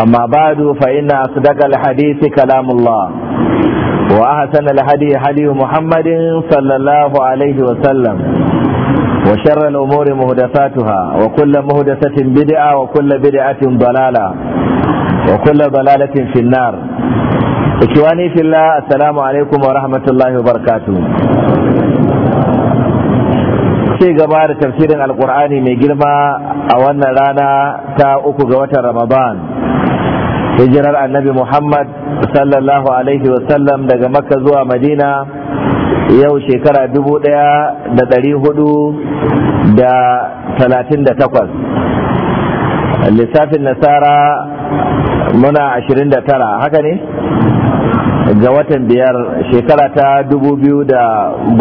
أما بعد فإن أصدق الحديث كلام الله وأحسن الهدي هدي محمد صلى الله عليه وسلم وشر الأمور مهدفاتها وكل مهدفة بدعة وكل بدعة ضلالة وكل ضلالة في النار إخواني في الله السلام عليكم ورحمة الله وبركاته ce gaba da tafsirin alkur'ani mai girma a wannan rana ta uku ga watan ramadan hijirar annabi muhammad sallallahu alaihi wasallam daga makka zuwa madina yau shekara dubu daya da dari hudu da talatin da takwas lissafin nasara muna ashirin da tara haka ne ga watan biyar shekara ta dubu biyu da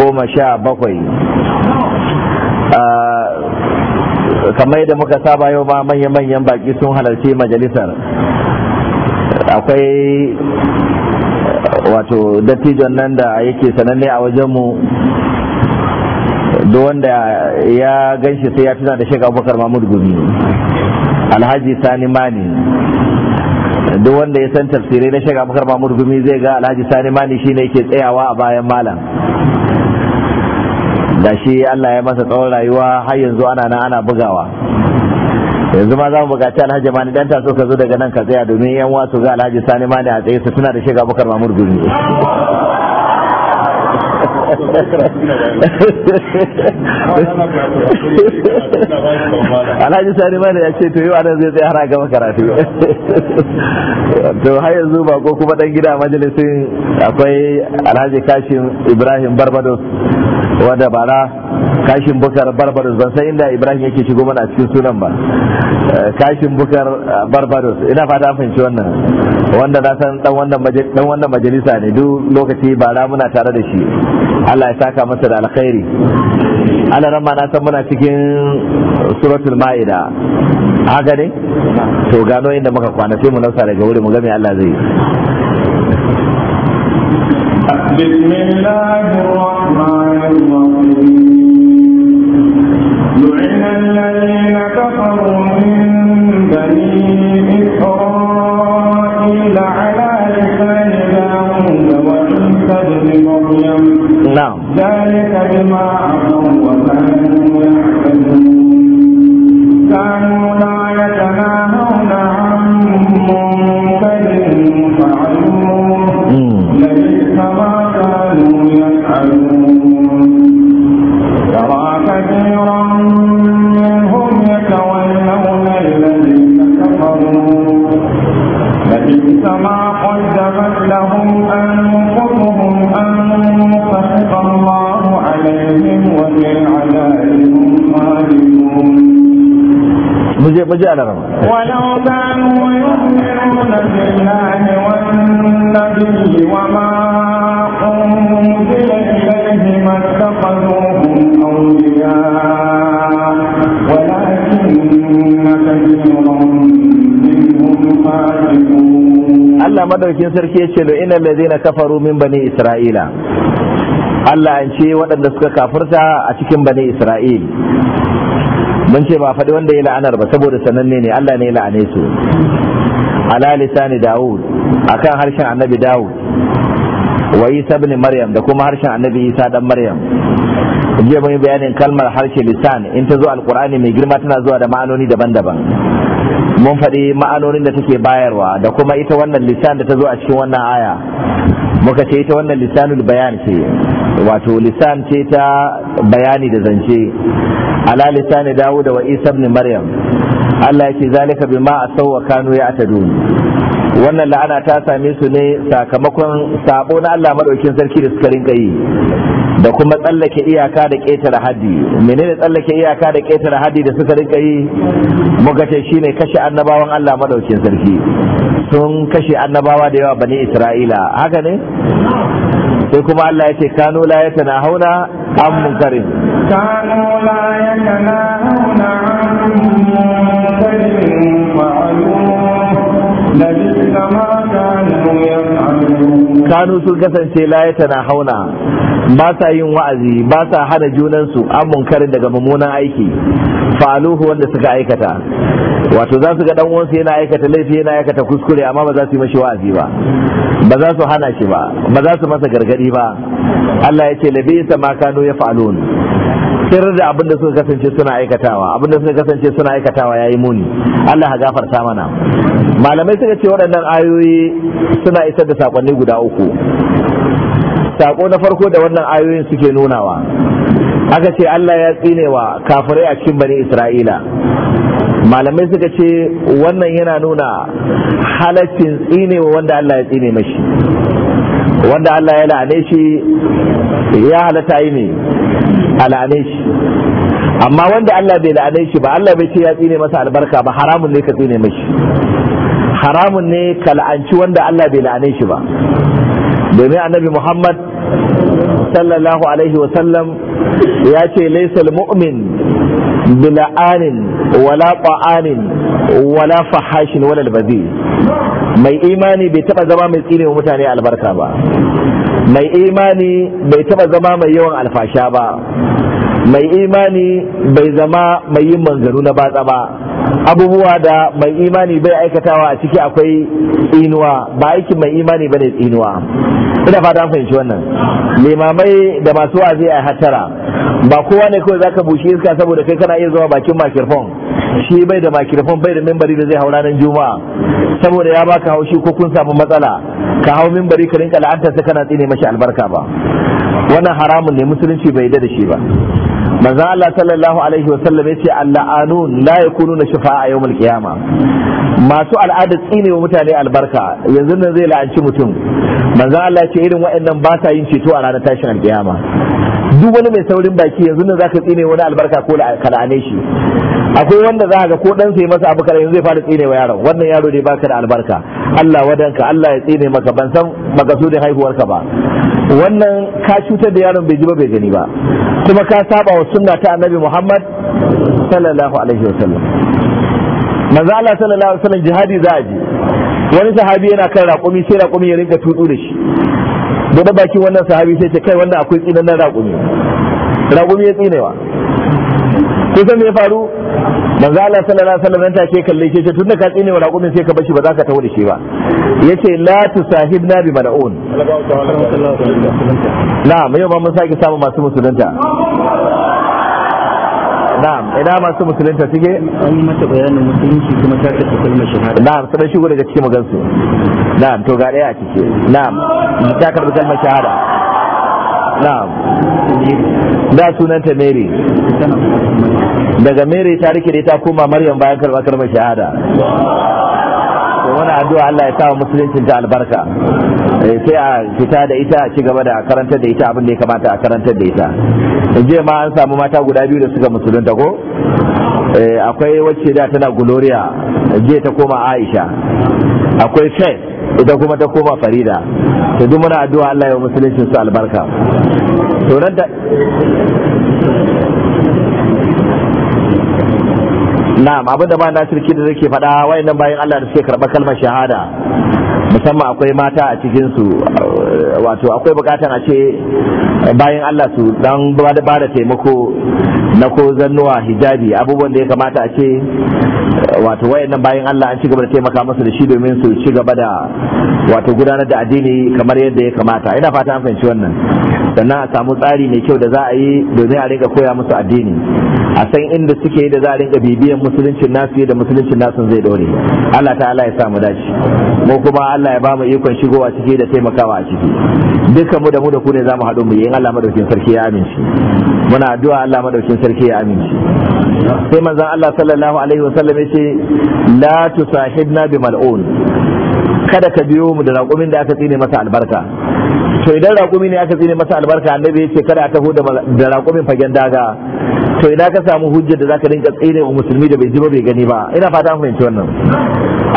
goma sha bakwai kamar yadda muka saba yau ma manya-manyan baki sun halarci majalisar akwai wato dattijon nan da yake sananne a wajenmu duk wanda ya gan shi sai ya tuna da shek abubakar mahmud gumi alhaji sani mani duk wanda ya san tafsirai na shek abubakar mahmud gumi zai ga alhaji sani mani shine yake tsayawa a bayan malam da shi allah ya masa tsawon rayuwa har yanzu ana nan ana bugawa yanzu ma za mu buƙaci alhaji ma ni dan so ka zo daga nan ka tsaya domin yan wasu ga alhaji sani ma a tsaye su suna da shiga bakar mamur gumi alhaji sani mana ya ce to yau anan zai tsaye har gama karatu to har yanzu ba ko kuma dan gida majalisin akwai alhaji kashin ibrahim barbados wadda na kashin bukar barbaros ban san inda ibrahim yake shigo mana a cikin sunan ba eh, kashin bukar eh, barbaros ina fata an fahimci wannan wanda na san dan wannan majalisa ne duk lokaci ba na muna tare da shi allah ya saka masa da alkhairi ana nan ma na san muna cikin suratul ma'ida haka ne to gano inda muka kwana sai mu nausa daga wuri mu ga me allah zai yi بسم الله الرحمن الرحيم لعن الذين كفروا من بني إسرائيل على لسان داود وعيسى بن مريم نعم ذلك بما maji a larama walau kanu yu'minuna billahi wan nabiyyi wa ma unzila ilayhi mattakhadhuhum awliya walakinna kathiran minhum fasiqun Allah madaukin sarki yace lo inal na kafaru min bani isra'ila Allah an ce waɗanda suka kafirta a cikin bani Isra'il mun ce ba faɗi wanda ya la'anar ba saboda sananne ne Allah ne ya la'ane su ala lisani Dawud akan harshen Annabi Da'ud wa Isa ibn Maryam da kuma harshen Annabi Isa dan Maryam jiya mun bayanin kalmar harshe lisan in ta zo alqur'ani mai girma tana zuwa da ma'anoni daban-daban mun faɗi ma'anonin da take bayarwa da kuma ita wannan lisan da ta zo a cikin wannan aya muka ce ita wannan lisanul bayan ce wato lisan ce ta bayani da zance ala lisani dawud wa isa ibn maryam Allah ya ce zalika bima asaw wa kanu ya'tadun wannan la'ana ta same su ne sakamakon sabo na Allah madaukin sarki da suka rinka yi da kuma tsallake iyaka da ƙetare haddi menene tsallake iyaka da ƙetare haddi da suka rinka yi muka ce shine kashe annabawan Allah madaukin sarki sun kashe annabawa da yawa bani Isra'ila haka ne sai kuma Allah ya ce kanu la yatanahuna an munkarin kanu la yatanahuna kanu sun kasance layata na hauna ba sa yin wa'azi ba sa hana junansu an munkarin daga mummunan aiki faluhu wanda suka aikata wato za su ga dan uwansu yana aikata laifi yana aikata kuskure amma ba za su yi mashi wa'azi ba ba za su hana shi ba ba za su masa gargadi ba Allah ya ce labisa ma kanu ya fa'alun tir da abin da suka kasance suna aikatawa abin da suka kasance suna aikatawa yayi muni Allah ya gafarta mana malamai suka ce waɗannan ayoyi suna isar da sakonni guda uku sako na farko da wannan ayoyin suke nunawa aka ce Allah ya tsinewa kafirai a cikin bani Isra'ila malamai suka ce wannan yana nuna halaccin tsinewa wanda Allah ya tsine mashi wanda Allah ya la'ane shi ya halatta yi ne a la'ane shi amma wanda Allah bai la'ane shi ba Allah bai ce ya tsine masa albarka ba haramun ne ka tsine mashi haramun ne ka la'anci wanda Allah bai la'ane shi ba domin annabi Muhammad sallallahu alaihi wa sallam ya ce laysal mu'min bila'anin wala ƙwa'anin wala fahashin wala albazi mai imani bai taɓa zama mai tsine wa mutane albarka ba mai imani bai taba zama mai yawan alfasha ba mai imani bai zama mai yin manzaru na batsa ba abubuwa da mai imani bai aikatawa a ciki akwai inuwa ba aikin mai imani bane inuwa ina fata an fahimci wannan limamai da masu wazi a hatara ba kowa ne kawai zaka bushe iska saboda kai kana iya zuwa bakin makirfon shi bai da makirfon bai da membari da zai hau nan juma'a saboda ya baka haushi ko kun samu matsala ka hau mimbari ka rinka la'antar sai kana tsine mashi albarka ba wannan haramun ne musulunci bai da shi ba manzo Allah sallallahu alaihi wa sallam yace alla'anun la yakununa a yawmal qiyama masu al'ada tsine wa mutane albarka yanzu nan zai la'anci mutum manzo Allah ce irin waɗannan ba sa yin ceto a ranar tashin alkiyama duk wani mai saurin baki yanzu nan zaka tsine wani albarka ko kalane shi akwai wanda za ga ko dan sai masa abu yanzu zai fara tsine wa yaron wannan yaro dai baka da albarka Allah wadanka Allah ya tsine maka ban san so haihuwar haihuwarka ba wannan ka cutar da yaron bai ji ba bai gani ba kuma ka saba wa sunna ta annabi Muhammad sallallahu alaihi wasallam manzo Allah sallallahu alaihi wasallam jihadi za a je wani sahabi yana kan raƙumi sai raƙumi ya rinka tutu da shi da bakin wannan sahabi sai ce kai wanda akwai tsinan nan raƙumi raƙumi ya tsinewa kusan me ya faru manzo Allah sallallahu alaihi wasallam ta ke kalle shi ce tunda ka tsine wa raƙumin sai ka bashi ba za ka tawo da shi ba yace la tusahibna bi mal'un na'am yau ba mun sake samu masu musulunta na'am ina masu musulunta suke an yi mata bayanin musulunci kuma ta ta kalmar shahada na'am sai shigo da cikin magansu na'am to ga daya a cike na'am ta karbi kalmar shahada na'am da sunanta Mary daga Mary ta rike ta koma Maryam bayan karba kalmar shahada muna addu'a Allah ya sa musuluncin ta albarka eh, sai a fita da ita a ci gaba da karantar da ita abin da ya kamata a karantar da ita in je ma an samu mata guda biyu da suka musulunta ko eh, akwai wacce da tana gloria je ta koma aisha akwai faith ita kuma ta koma farida to duk muna addu'a Allah ya musuluncin su albarka to nan da na'am abin da ba na shirki da zake faɗa wayannan bayan Allah da suke karɓar kalmar shahada musamman akwai mata a cikin su wato akwai bukatan a ce bayan Allah su dan ba da taimako na ko zannuwa hijabi abubuwan da ya kamata a ce wato wayannan bayan Allah an ci gaba da taimaka masa da shi domin su ci gaba da wato gudanar da addini kamar yadda ya kamata ina fata an fahimci wannan sannan a samu tsari mai kyau da za a yi domin a rika koya musu addini a san inda suke da zarin ga bibiyan musuluncin nasu da musuluncin nasu zai dore Allah ta'ala ya samu dace mu kuma Allah ya ba mu ikon shigowa ciki da taimakawa a ciki duka mu da mu da ku ne zamu haɗu mu yi in Allah madaukin sarki ya amince muna addu'a Allah madaukin sarki ya amince sai manzon Allah sallallahu alaihi wasallam ya ce la tusahibna bi mal'un kada ka biyo mu da raƙumin da aka tsine masa albarka to idan raƙumi ne aka tsine masa albarka annabi ya ce kada a taho da raƙumin fagen daga to ina ka samu hujjar da zaka rinka tsine wa musulmi da bai ji ba bai gani ba ina fata an fahimci wannan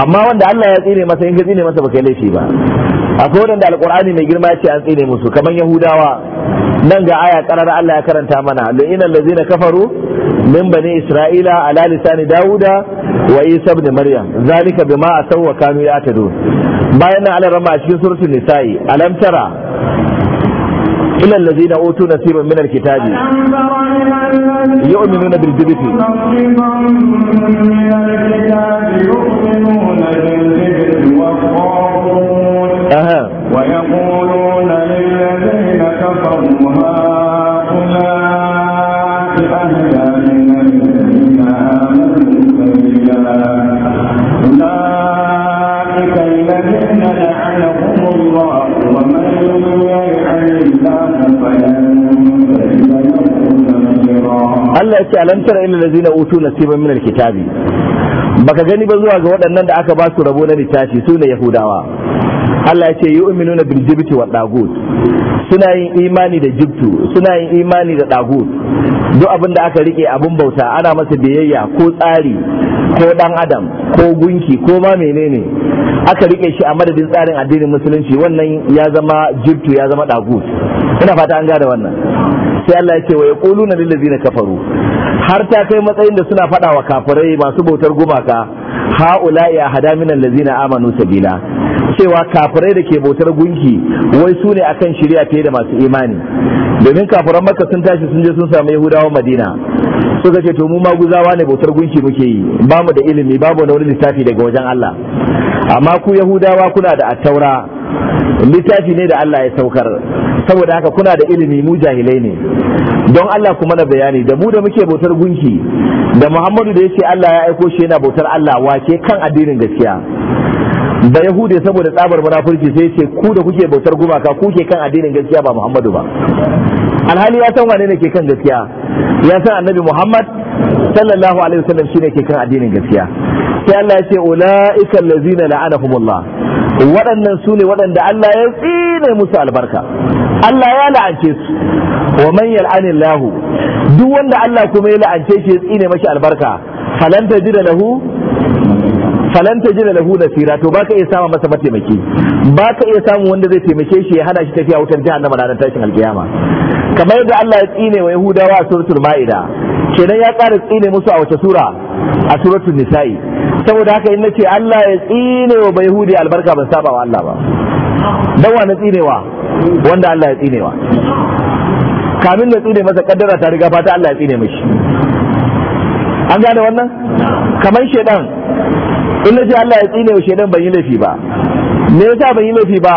amma wanda Allah ya tsine masa in ka tsine masa baka laifi ba akwai wadanda alqur'ani mai girma ya ce an tsine musu kamar yahudawa nan ga aya karar Allah ya karanta mana inal ladina kafaru min bani isra'ila ala lisani dauda wa isa ibn maryam zalika bima asaw wa kanu bayan nan Allah rama a cikin suratul nisa'i alam tara إلا الذين أوتوا نصيبا من الكتاب يؤمنون بالجبت ce alam tara ilal ladzina utu nasiban min alkitabi baka gani ba zuwa ga waɗannan da aka ba su rabo na littafi su ne yahudawa Allah ya ce yu'minuna bil jibti wa dagut suna yin imani da jibtu suna yin imani da dagut duk abin da aka rike abin bauta ana masa biyayya ko tsari ko dan adam ko gunki ko ma menene aka rike shi a madadin tsarin addinin musulunci wannan ya zama jibtu ya zama dagut ina fata an gane wannan sai Allah ya ce wa yaquluna lil ladina kafaru har ta kai matsayin da suna fada wa kafirai masu bautar gumaka haula ya hada min allazina amanu sabila cewa kafirai da ke bautar gunki wai su ne akan shirya fiye da masu imani domin kafiran makka sun tashi sun je sun samu yahudawa madina suka ce to mu ma maguzawa ne bautar gunki muke yi bamu da ilimi babu da wani littafi daga wajen Allah amma ku yahudawa kuna da attaura littafi ne da Allah ya saukar saboda haka kuna da ilimi mu jahilai ne don Allah kuma na bayani da mu da muke bautar gunki da Muhammadu da yace Allah ya aiko shi yana bautar Allah wake kan addinin gaskiya da yahude saboda tsabar munafurci sai yace ku da kuke bautar gumaka ku ke kan addinin gaskiya ba Muhammadu ba alhali ya san wane ne ke kan gaskiya ya san annabi Muhammad sallallahu alaihi wasallam shine ke kan addinin gaskiya sai Allah ya ce ulaika allazina la'anahumullah waɗannan su ne waɗanda Allah ya tsine musu albarka Allah ya la'ance su wa man yal'ani Allah duk wanda Allah kuma ya la'ance shi ya tsine mashi albarka falan tajida lahu falan tajida lahu nasira to baka iya samu masa mataimaki baka iya samu wanda zai taimake shi ya hana shi tafiya wutar jahannama ranar tashin alkiyama kamar yadda Allah ya tsine wa Yahudawa a suratul Ma'ida kenan ya ƙara tsine musu a wace sura a suratul nisa'i saboda haka in nace Allah ya tsine wa bai hudi albarka ban saba wa Allah ba dan wa na tsinewa wanda Allah ya tsinewa kamin na tsine masa kaddara ta riga fata Allah ya tsine mishi an gane wannan kamar shedan in nace Allah ya tsine wa shedan ban yi laifi ba me yasa ban yi laifi ba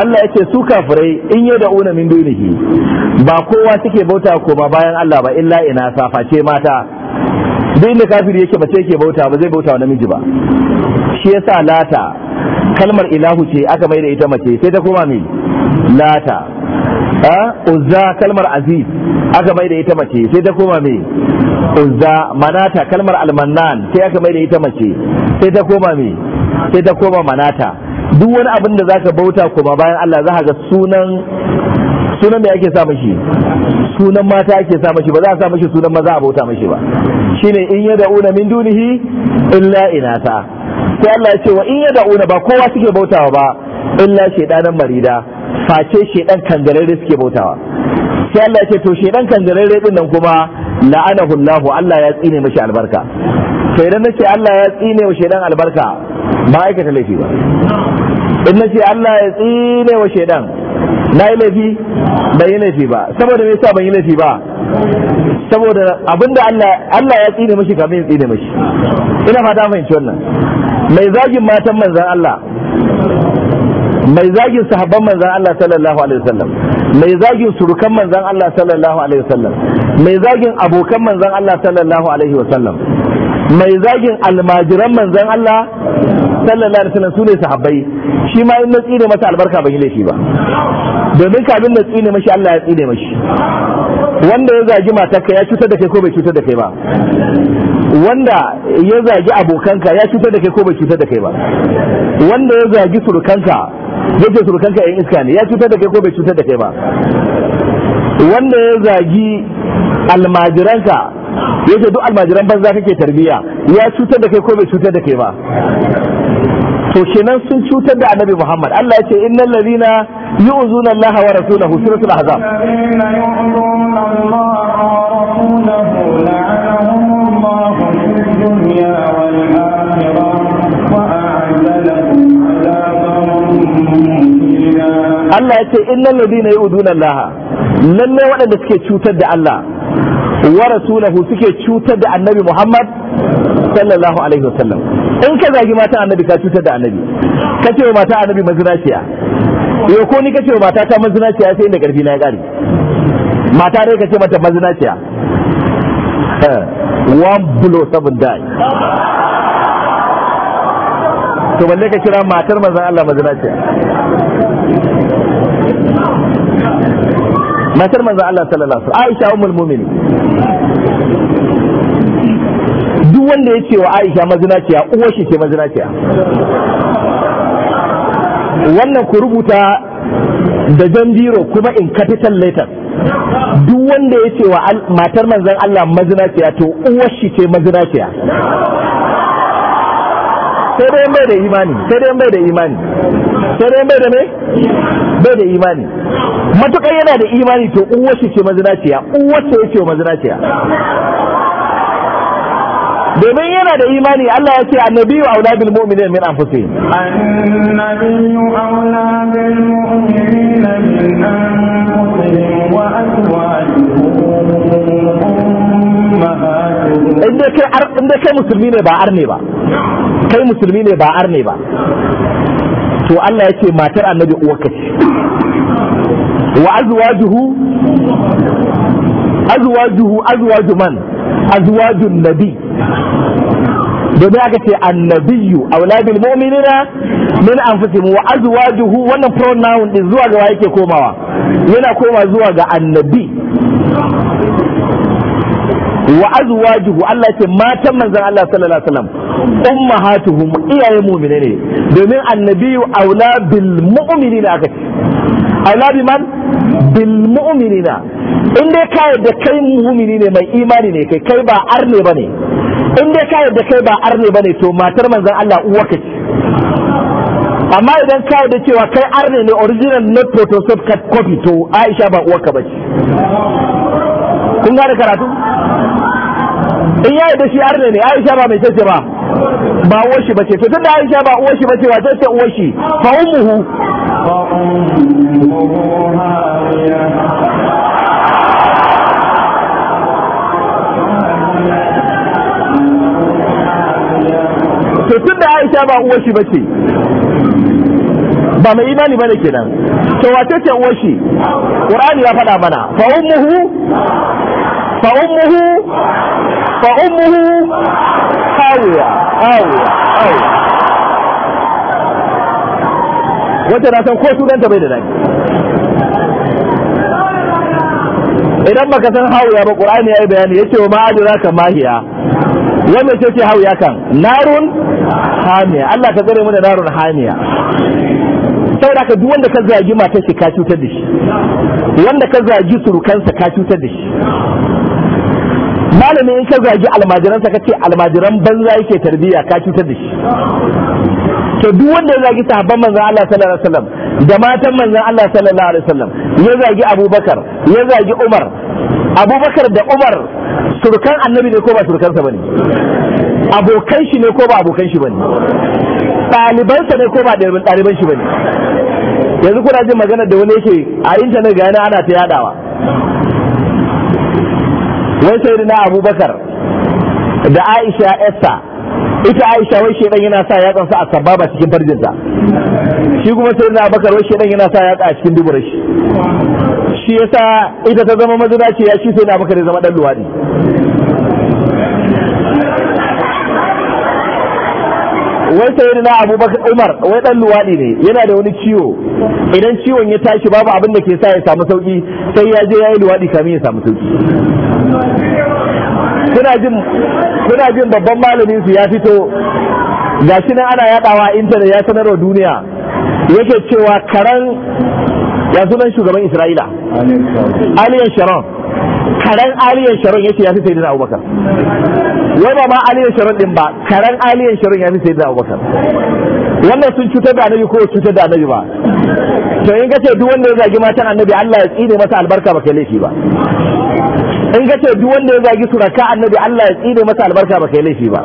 Allah yake ce su kafirai in yi da una min dunihi ba kowa suke bauta koma bayan Allah ba illa ina saface mata duk inda kafiri yake mace yake bauta ba zai bauta wa namiji ba shi yasa lata kalmar ilahu ce aka mai da ita mace sai ta koma mai lata uzza kalmar aziz aka mai da ita mace sai ta koma mai uzza manata kalmar almannan sai aka mai da ita mace sai ta koma mai sai ta koma manata duk wani abin da zaka bauta kuma bayan Allah za ga sunan sunan me ake sa mashi sunan mata ake sa mashi ba za a sa mashi sunan maza a bauta mashi ba shine in da'una min dunihi illa inata sai Allah ya ce wa in da'una ba kowa suke bautawa ba illa shedanan marida face shedan kangarare suke bautawa sai Allah ya ce to shedan kangarare din nan kuma la'anahu Allah Allah ya tsine mashi albarka to idan nace Allah ya tsine wa shedan albarka ba ta laifi ba in nace Allah ya tsine wa shedan na yi laifi ban yi laifi ba saboda me yasa ban yi laifi ba saboda abinda Allah Allah ya tsine mashi kamin ya tsine mashi ina fata fahimci wannan mai zagin matan manzon Allah mai zagin sahabban manzan Allah sallallahu alaihi wasallam mai zagin surukan manzan Allah sallallahu alaihi wasallam mai zagin abokan manzan Allah sallallahu alaihi wasallam mai zagin almajiran manzan Allah sallallahu alaihi wasallam sune sahabbai shi ma in na tsine masa albarka ban yi laifi ba domin kamin na tsine mashi Allah ya tsine mashi wanda ya zagi matarka ya cutar da kai ko bai cutar da kai ba wanda ya zagi abokanka ya cutar da kai ko bai cutar da kai ba wanda ya zagi surukanka ya ce surukanka yan iska ne ya cutar da kai ko bai cutar da kai ba wanda ya zagi almajiranka yace duk almajiran banza kake tarbiya ya cutar da kai ko bai cutar da kai ba to kenan sun cutar da annabi Muhammad Allah yace innal ladina yu'zuna Allah wa rasulahu suratul ahzab Allah ya ce innal ladina yu'duna Allah lalle waɗanda suke cutar da Allah wa rasulahu suke cutar da annabi Muhammad sallallahu alaihi wasallam in ka zagi mata annabi ka cutar da annabi ka ce mata annabi mazinaciya yau ko ni ka ce mata ta mazinaciya sai inda karfi na ya kare mata dai ka ce mata mazinaciya eh, one blow seven die to balle ka kira matar manzon Allah mazinaciya matar manzo Allah sallallahu alaihi wasallam Aisha ummul mu'minin duk wanda ya ce wa Aisha mazinaciya uwar shi ce mazinaciya wannan ku rubuta da jan biro kuma in capital letter duk wanda ya ce wa matar manzon Allah mazinaciya to uwar shi ce mazinaciya sai dai bai da imani sai dai bai da imani sai dai bai da me bai da imani matukar yana da imani to shi ce mazinaciya uwarsa ce mazinaciya domin yana da imani Allah ya ce annabi wa aula bil mu'minin min anfusih annabi wa aula bil mu'minin min anfusih in dai kai musulmi ne ba arne ba kai musulmi ne ba arne ba to Allah yake matar annabi uwarka ce wa azwajuhu azwajuhu azwaju man azwajun nabi domin aka ce annabiyu auladul mu'minina min anfusihim wa azwajuhu wannan pronoun din zuwa ga wa yake komawa yana koma zuwa ga annabi wa azwajuhu Allah ce matan manzon Allah sallallahu alaihi wasallam ummahatuhum iyaye mu'mine ne domin annabi aula bil mu'minina aka ce aula bi man bil na in dai ka yarda kai mu'mini ne mai imani ne kai kai ba arne bane in dai ka yarda kai ba arne bane to matar manzon Allah uwaka ce amma idan ka yarda cewa kai arne ne original not photoshopped copy to Aisha ba uwarka bace kun gane karatu in ya yi da shi arne ne aisha ba mai tace ba ba uwar shi bace to tunda aisha ba uwar shi bace wa ta uwar shi fa ummuhu to tunda aisha ba uwar shi bace ba mai imani bane kenan to wace ce uwar shi qur'ani ya faɗa mana fa ummuhu fa فأمه حاوية حاوية hawiya wata na san ko sunanta bai da daɗi idan baka san hawiya ba qur'ani yayi bayani yace wa za ka mahiya wanda ce ce hawiya kan narun hamiya Allah ta tsare mu da narun hamiya saboda ka duk wanda ka zagi matar shi ka cutar da shi wanda ka zagi surukansa ka cutar da shi malami in ka zagi almajiransa ka ce almajiran banza yake tarbiyya ka cutar da shi to duk wanda ya zagi sahabban manzon Allah sallallahu alaihi wasallam da matan manzon Allah sallallahu alaihi wasallam ya zagi Abubakar ya zagi Umar Abubakar da Umar surukan annabi ne ko ba surukansa bane abokan shi ne ko ba abokan shi bane ɗalibansa ne ko ba ɗaliban shi bane yanzu kuna jin magana da wani yake a intanet ga yana ana ta yadawa wai sai na abubakar da aisha esther ita aisha wai shedan yana sa ya sa a sababa cikin farjinta shi kuma sai na bakar wai shedan yana sa yatsa a cikin dubura shi shi yasa ita ta zama ce ya shi sai na bakar ya zama dan luwadi wai sai na abubakar umar wai dan luwadi ne yana da wani ciwo idan ciwon ya tashi babu abin da ke sa ya samu sauki sai ya je ya yi luwadi kamin ya samu sauki Suna jin jin babban malamin su ya fito gashi nan ana yadawa intanet ya sanarwa duniya yake cewa karan ya sunan shugaban Isra'ila Aliyan Sharon karan Aliyan Sharon yake ya fi sayyidina Abubakar wai ba ma Aliyan Sharon din ba karan Aliyan Sharon ya fi sayyidina Abubakar wannan sun cutar da annabi ko cutar da annabi ba to in ga ce duk wanda ya zagi matan annabi Allah ya tsine masa albarka ba kai laifi ba in ga ce duk wanda ya zagi suraka annabi Allah ya tsine masa albarka ba kai laifi ba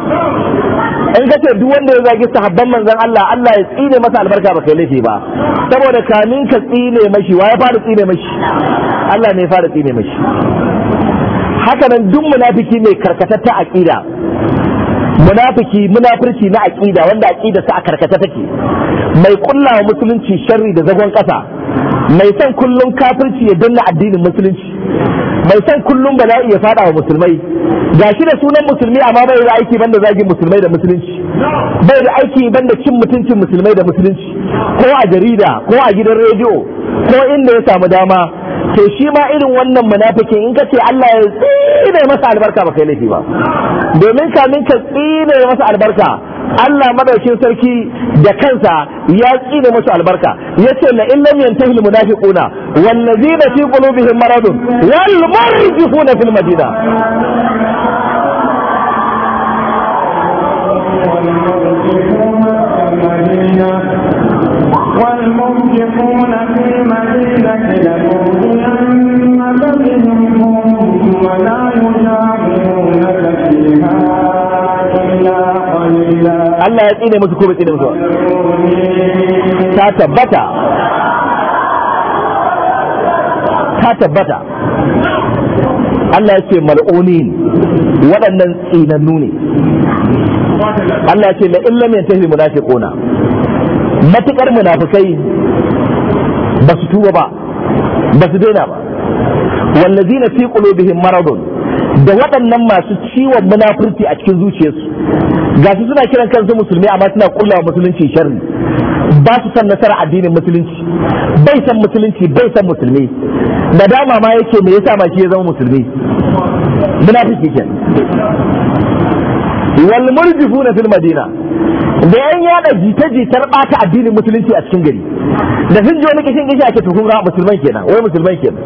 in ga ce duk wanda ya zagi sahabban manzon Allah Allah ya tsine masa albarka ba kai laifi ba saboda kamin ka tsine mashi wa ya fara tsine mashi Allah ne ya fara tsine mashi haka nan duk munafiki mai karkatatta aqida munafiki munafurci na aqida wanda aqida sa a karkata take mai kulla wa musulunci sharri da zagon kasa mai son kullum kafirci ya danna addinin musulunci mai son kullum bala'i ya fada wa musulmai gashi da sunan musulmi amma bai da aiki banda zagin musulmai da musulunci bai da aiki banda cin mutuncin musulmai da musulunci ko a jarida ko a gidan rediyo ko inda ya samu dama to shi ma irin wannan munafikin in ka ce Allah ya tsine masa albarka ba kai laifi ba domin kamin ka tsine masa albarka Allah madaukin sarki da kansa ya tsine masa albarka yace la in lam yantahi al munafiquna wal ladina fi qulubihim maradun wal marjifuna fil madina musu ko bai tsine ta tabbata ta tabbata Allah ya ce mal'unin waɗannan tsinannu ne Allah ya ce la illa min tahil munafiquna matukar munafikai ba su tuba ba ba su daina ba wallazina fi qulubihim maradun da waɗannan masu ciwon munafurci a cikin zuciyarsu ga su suna kiran kansu musulmi amma suna wa musulunci sharri ba su san nasara addinin musulunci bai san musulunci bai san musulmi nadama ma yake me yasa ma shi ya zama musulmi munafiki ke wal murjifuna fil madina da yan yada jita-jitar bata addinin musulunci a cikin gari da sun ji wani kishin kishi ake tukun musulman kenan wai musulman kenan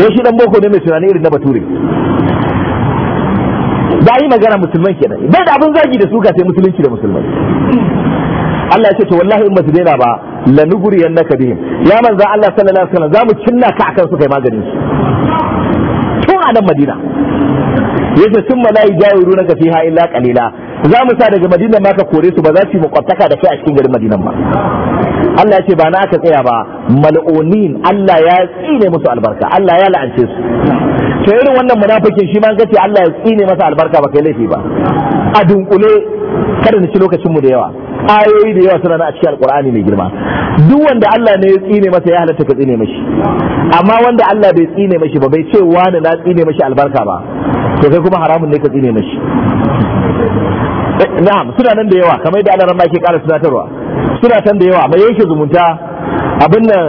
Ya shi dan boko ne mai tunani irin na bature da yi magana musulman kenan bai da abin zagi da suka sai musulunci da musulmai Allah ya ce to wallahi in basu daina ba la nuguri naka bihim ya manzo Allah sallallahu alaihi wasallam zamu cinna ka akan su kai maganin su tun a nan Madina yace sun mala'i jayuru naka fiha illa qalila za mu sa daga madinan ma ka kore su ba za su yi makwabtaka da kai a cikin garin madinan ba Allah ya ce ba na aka tsaya ba mal'onin Allah ya tsine musu albarka Allah ya la'ance su to irin wannan munafikin shi ma ga ce Allah ya tsine masa albarka ba kai laifi ba a dunkule kada na ci lokacin mu da yawa ayoyi da yawa suna na a cikin alkur'ani mai girma duk wanda Allah ne ya tsine masa ya halatta ka tsine mashi amma wanda Allah bai tsine mashi ba bai ce wani na tsine mashi albarka ba to kai kuma haramun ne ka tsine mashi eh, na'am suna nan da yawa kamar da alaran ke kara sunatarwa, suna tan da yawa mai yanke zumunta abin nan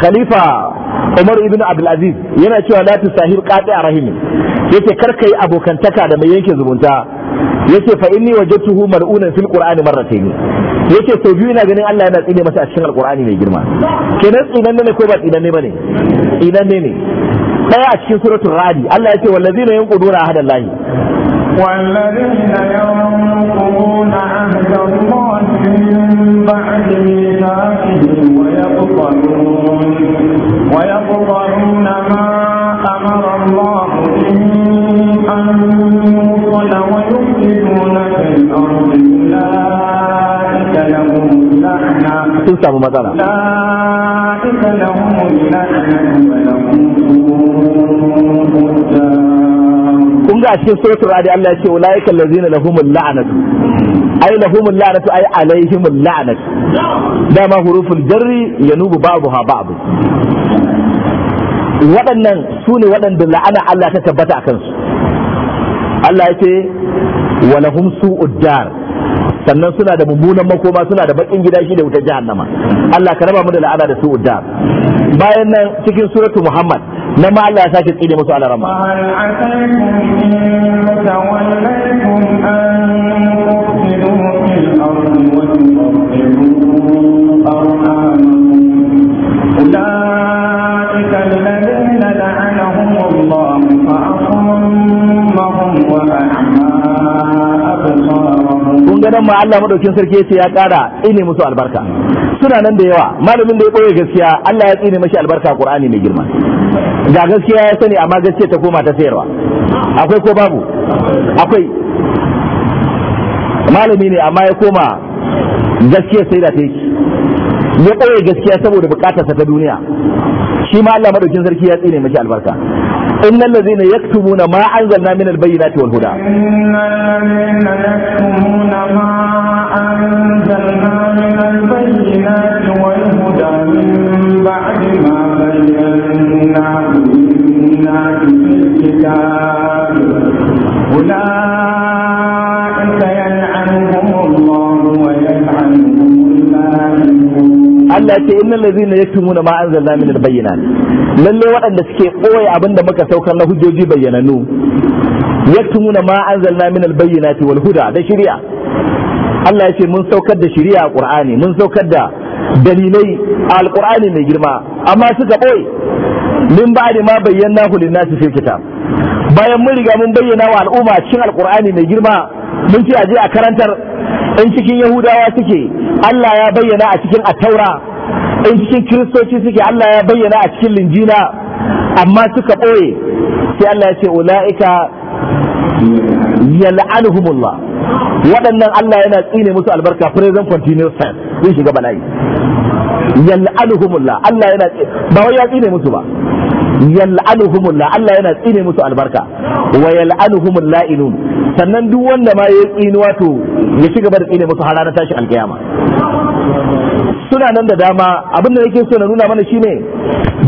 khalifa umar ibn abdulaziz yana cewa la tusahib qati Ya yace kar kai abokantaka da mai yanke zumunta yace fa inni wajadtuhu mal'unan fil qur'ani marratayn yace sau biyu ina ganin Allah yana tsine masa a cikin alqur'ani mai girma kenan tsinan ne ko ba tsinan ne bane ne daya a cikin suratul radi Allah ya ce wallazina yanquduna ahdallahi والذين ينقضون عهد الله من بعد ميثاقه ويقطعون ويقطعون ما أمر الله به أن يوصل ويفسدون في الأرض أولئك لهم اللعنة أولئك لهم اللعنة ولهم kun ga cikin suratul radi Allah ya ce ulaika allazina lahumul la'natu ay lahumul la'anatu ay alaihimul la'anatu dama huruful jarri yanubu ba'daha ba'd waɗannan su ne waɗanda la'ana Allah ta tabbata a kansu Allah ya ce walahum su'ud dar sannan suna da mummunan makoma suna da bakin gida shi da wutar jahannama Allah ka raba mu da la'ana da su'ud dar bayan nan cikin suratu Muhammad na ma Allah ya sake tsine musu alarama kun ga nan ma Allah madaukin sarki yace ya kara tsine musu albarka suna nan da yawa malamin da ya koyi gaskiya Allah ya tsine mashi albarka Qur'ani mai girma ga gaskiya ya sani amma gaskiya ta koma ta sayarwa akwai ko babu akwai malami ne amma ya koma gaskiya sai da take ya koyi gaskiya saboda bukatarsa ta duniya shi ma Allah madaukin sarki ya tsine mashi albarka إن الذين يكتمون ما أنزلنا من البينات والهدى إن الذين يكتمون ما أنزلنا من البينات والهدى من بعد ما بيناه للناس في الكتاب أولئك Allah ce innal ladzina yaktumuna ma anzalna min albayyinat lalle waɗanda suke koyi abinda muka saukar na hujjoji bayyananu yaktumuna ma anzalna min albayyinati wal huda da shari'a Allah ya ce mun saukar da shari'a a Qur'ani mun saukar da dalilai a alƙur'ani mai girma amma suka ɓoye min ba'di ma bayyana hu linnasi fil kitab bayan mun riga mun bayyana wa al'umma cikin alƙur'ani mai girma mun ce aje a karantar in cikin yahudawa suke Allah ya bayyana a cikin attaura in cikin kiristoci suke Allah ya bayyana a cikin Linjina. amma suka ɓoye sai Allah ya ce ula'ika yal'anuhumullah waɗannan Allah yana tsine musu albarka present continuous tense zai shiga bala'i yal'anuhumullah Allah yana ba wai ya tsine musu ba yal'anuhumullah Allah yana tsine musu albarka wa yal'anuhumul la'inun sannan duk wanda ma ya tsini wato ya shiga gaba da tsine musu har ranar tashi alkiyama suna nan da dama abin da yake so na nuna mana shine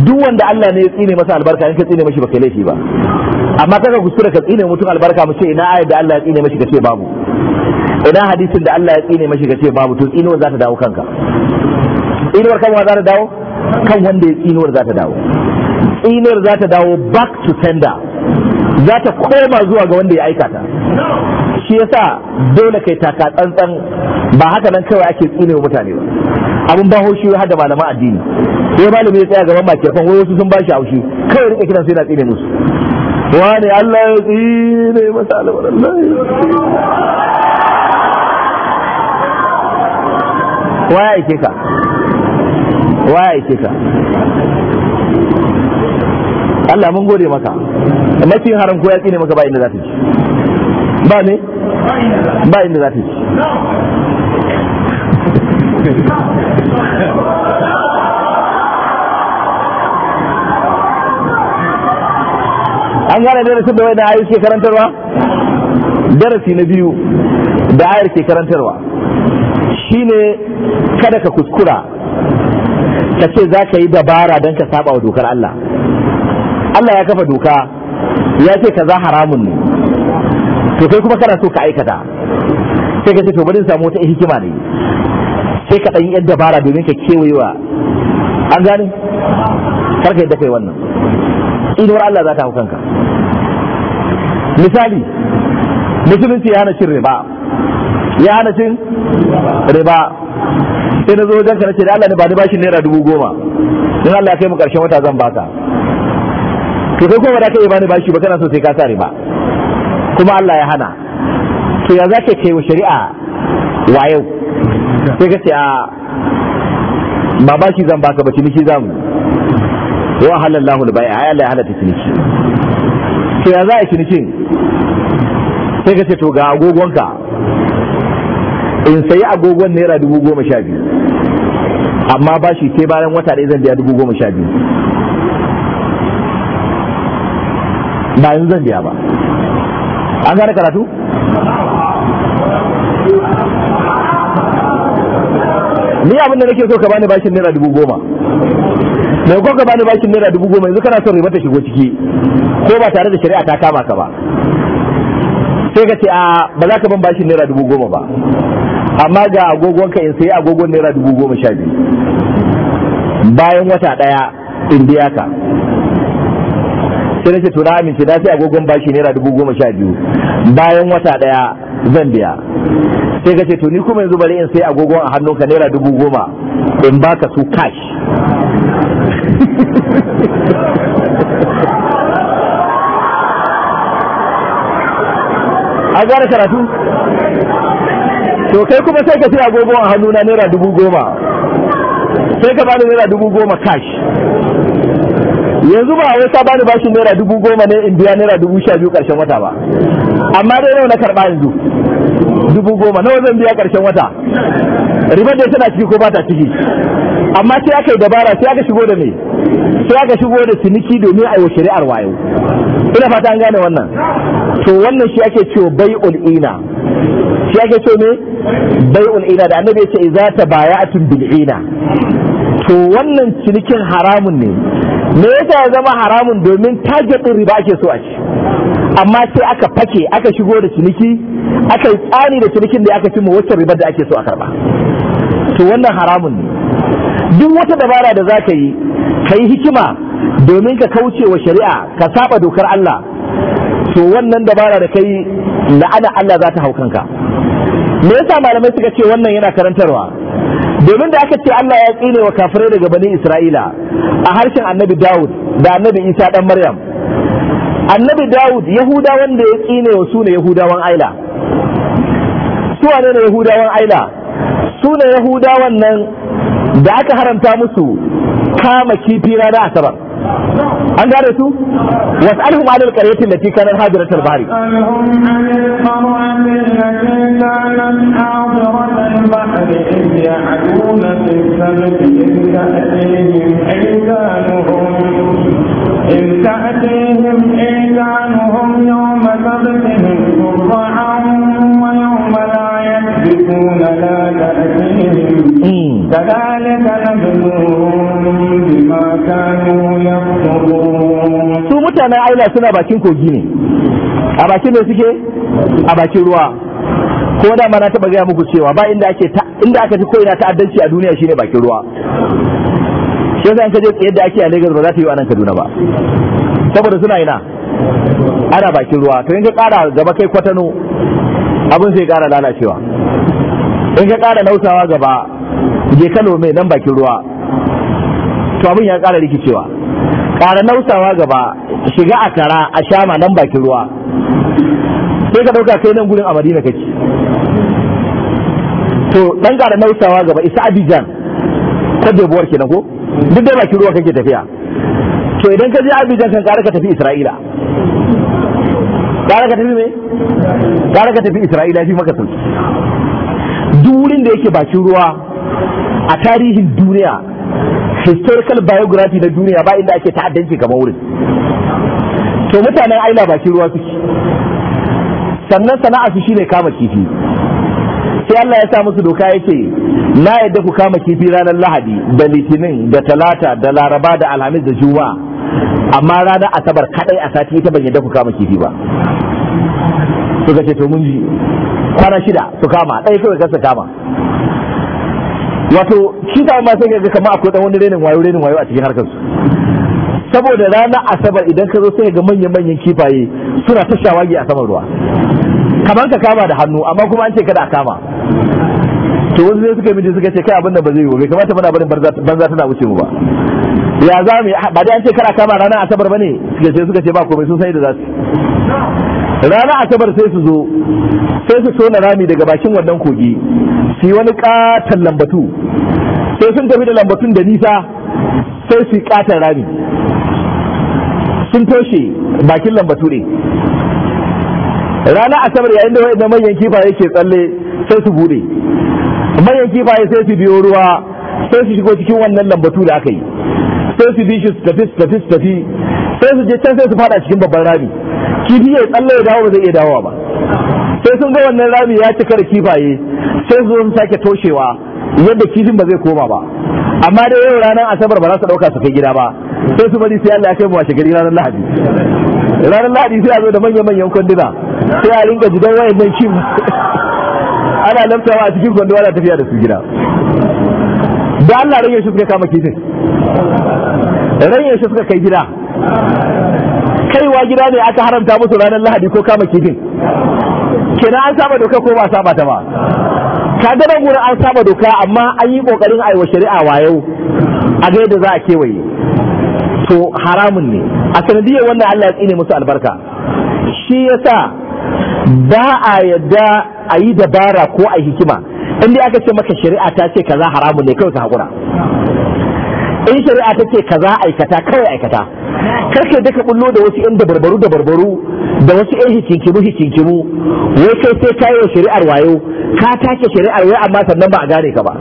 duk wanda Allah ne ya tsine masa albarka in ka tsine mashi baka laifi ba amma kaga kuskure ka tsine mutum albarka mu ce ina ayat da Allah ya tsine mashi kace babu ina hadisin da Allah ya tsine mashi kace babu to tsinuwa za ta dawo kanka tsinuwar kanwa za ta dawo kan wanda ya tsinewar za ta dawo tsinar za ta dawo back to tender za ta koma zuwa ga wanda ya aikata shi yasa dole kai taka tsantsan ba haka nan kawai ake tsine wa mutane ba abin ba haushi har da malaman addini sai malami ya tsaya gaban makirfan wai wasu sun bashi haushi kawai rike kiran sai na tsine musu wani Allah ya tsine masa alwar Allah ya ake ka ya ake ka Allah mun gode maka mafi haram ko yaƙi ne maka ba inda za ta ci ba ne ba inda za ta ci an gane darasin da wani ayar ke karantarwa darasi na biyu da ayar ke karantarwa shine kada ka kuskura ka ce za ka yi dabara don ka saba wa dokar Allah Allah ya kafa doka ya ce kaza haramun ne to kai kuma kana so ka aikata sai ka ce to bari samu wata hikima ne sai ka ɗan yadda bara domin ka kewayewa an gane karka yadda kai wannan inuwar Allah za ta hau kanka misali musulunci ya hana cin riba ya hana cin riba sai na zo wajen ka ce da Allah ne ba ni bashin naira dubu goma don Allah ya kai mu karshen wata zan baka to sai kuma da ka yi bani bashi ba kana so sai ka sa riba kuma Allah ya hana to ya za ka kai wa shari'a wa yau sai ka ce a ba bashi zan baka ba ciniki zan wa halallahu al-bai'a ai Allah ya halatta ciniki to ya za a cinikin sai ka ce to ga agogonka in sayi agogon naira dubu goma sha biyu amma bashi sai bayan wata ɗaya zan biya dubu goma sha biyu ba yanzu zan biya ba an gane karatu ni abin da nake so ka bani bashin naira dubu goma mai ko ka bani bashin naira dubu goma yanzu kana son riba ta shigo ciki ko ba tare da shari'a ta kama ka ba sai ka ce a ba za ka ban bashin naira dubu goma ba amma ga agogon ka in sai agogon naira dubu goma sha biyu bayan wata ɗaya in biya ka sai nake to na amince na sai agogon bashi naira dubu goma sha biyu bayan wata daya zan biya sai ka ce to ni kuma yanzu bari in sai agogon a hannunka naira dubu goma in baka su cash a gane karatu to kai kuma sai ka sai agogon a hannuna naira dubu goma sai ka bani naira dubu goma cash yanzu ba wai ka bani bashin naira dubu goma ne in biya naira dubu sha biyu karshen wata ba amma dai nawa na karɓa yanzu dubu goma nawa zan biya karshen wata ribar dai tana ciki ko ba ta ciki amma sai aka yi dabara sai aka shigo da me sai aka shigo da ciniki domin a yi shari'ar wayo ina fata an gane wannan to wannan shi ake cewa bai ul'ina shi ake ce ne bai ul'ina da annabi ya ce za ta baya atun bil'ina to wannan cinikin haramun ne me yasa ya zama haramun domin target din riba ake so a ci amma sai aka fake aka shigo da ciniki aka yi tsani da cinikin da aka cimma wacce ribar da ake so a karba to wannan haramun ne duk wata dabara da za ka yi ka yi hikima domin ka kauce wa shari'a ka saba dokar Allah to wannan dabara da kai la'ana Allah za ta hau kanka me yasa malamai suka ce wannan yana karantarwa domin da aka ce Allah ya tsine wa kafirai daga bani Isra'ila a harshen annabi Dawud da annabi Isa dan Maryam annabi Dawud Yahuda wanda ya tsine wa su ne Yahudawan Aila su wane ne Yahudawan Aila su ne Yahudawan nan da aka haramta musu kama kifi rana asabar an gane su wasu alhum alil karyatin da fi kanar hajiratul bari إن hmm. تأتيهم يوم شرعا ويوم لا لا تأتيهم كذلك نبلوهم بما كانوا يكفرون su mutanen aila suna bakin kogi ne a bakin da suke a bakin ruwa ko da na taba gaya muku cewa ba inda ake inda aka fi ko ina ta'addanci a duniya shine bakin ruwa shi yasa in ka da ake a Lagos ba za ta yi a nan Kaduna ba saboda suna ana bakin ruwa to in ka kara gaba kai kwatano abin sai kara lalacewa in ka kara nausawa gaba je Kano mai nan bakin ruwa to abin ya kara rikicewa ƙara nausawa gaba shiga a kara a shama nan bakin ruwa sai ka ɗauka kai nan gurin a madina kake to ɗan ƙara nausawa gaba isa abijan ta debuwar kenan ko duk da bakin ruwa kake tafiya to idan ka je abijan kan ƙara ka tafi isra'ila ƙara ka tafi me kara ka tafi isra'ila fi maka sun duk wurin da yake bakin ruwa a tarihin duniya historical biography na duniya ba inda ake ta'addanci ga maurin. to mutanen aila bakin ruwa suke sannan sana'a su shine kama kifi sai Allah ya sa musu doka ya ce na yadda ku kama kifi ranar lahadi da litinin da talata da laraba da alhamis da juma'a amma ranar asabar kadai a sati ita ban yadda ku kama kifi ba suka ce to mun ji kwana shida su kama ɗaya kawai kasa kama wato shi ta amma sai ga kamar akwai dan wani renin wayo renin wayo a cikin harkar su saboda rana asabar idan ka zo sai ga manyan manyan kifaye suna ta shawagi a saman ruwa kamar ka kama da hannu amma kuma an ce kada a kama to wasu sai suka miji suka ce kai abin da ba zai yi bai kamata muna barin banza tana wuce mu ba ya za mu ba dai an ce kada kama ranar asabar bane suka ce suka ce ba komai sun sai da za su rana asabar sai su zo sai su tona rami daga bakin wannan kogi su yi wani katon lambatu sai sun tafi da lambatun da nisa sai su yi katon rami sun toshe bakin lambatu ne rana asabar yayin da wa'in manyan kifaye ke tsalle sai su bude manyan kifaye sai su biyo ruwa sai su shigo cikin wannan lambatu da aka yi sai su bi shi su tafi su tafi su tafi sai su je can sai su fada cikin babban rami kifi tsalle ya dawo ba zai iya dawo ba sai sun ga wannan rami ya cika da kifaye sai su sun sake toshewa yadda kifin ba zai koma ba amma da yau ranar asabar ba za su dauka su kai gida ba sai su bari sai Allah ya kai mu washe gari ranar lahadi ranar lahadi sai a zo da manyan manyan kwanduna sai a rinka jidan nan kim ana lamtawa a cikin kwando ana tafiya da su gida da Allah rage shi suka kama kifin rage shi suka kai gida kaiwa gida ne aka haramta musu ranar lahadi ko kama kifin kina an saba doka ko ba saba ta ba ka da gura an saba doka amma an yi kokarin aiwa shari'a wayo a ga yadda za a kewaye to haramun ne a sanadiyar wanda Allah ya tsine musu albarka shi yasa ba a yadda a yi dabara ko a hikima in dai aka ce maka shari'a ta ce kaza haramun ne kawai ta hakura in shari'a ta ce kaza aikata kawai aikata karshe duka bullo da wasu yan da barbaru da wasu yan hikinkimu hikinkimu wai kai sai ka yi shari'ar wayo ka take shari'ar wayo amma sannan ba a gane ka ba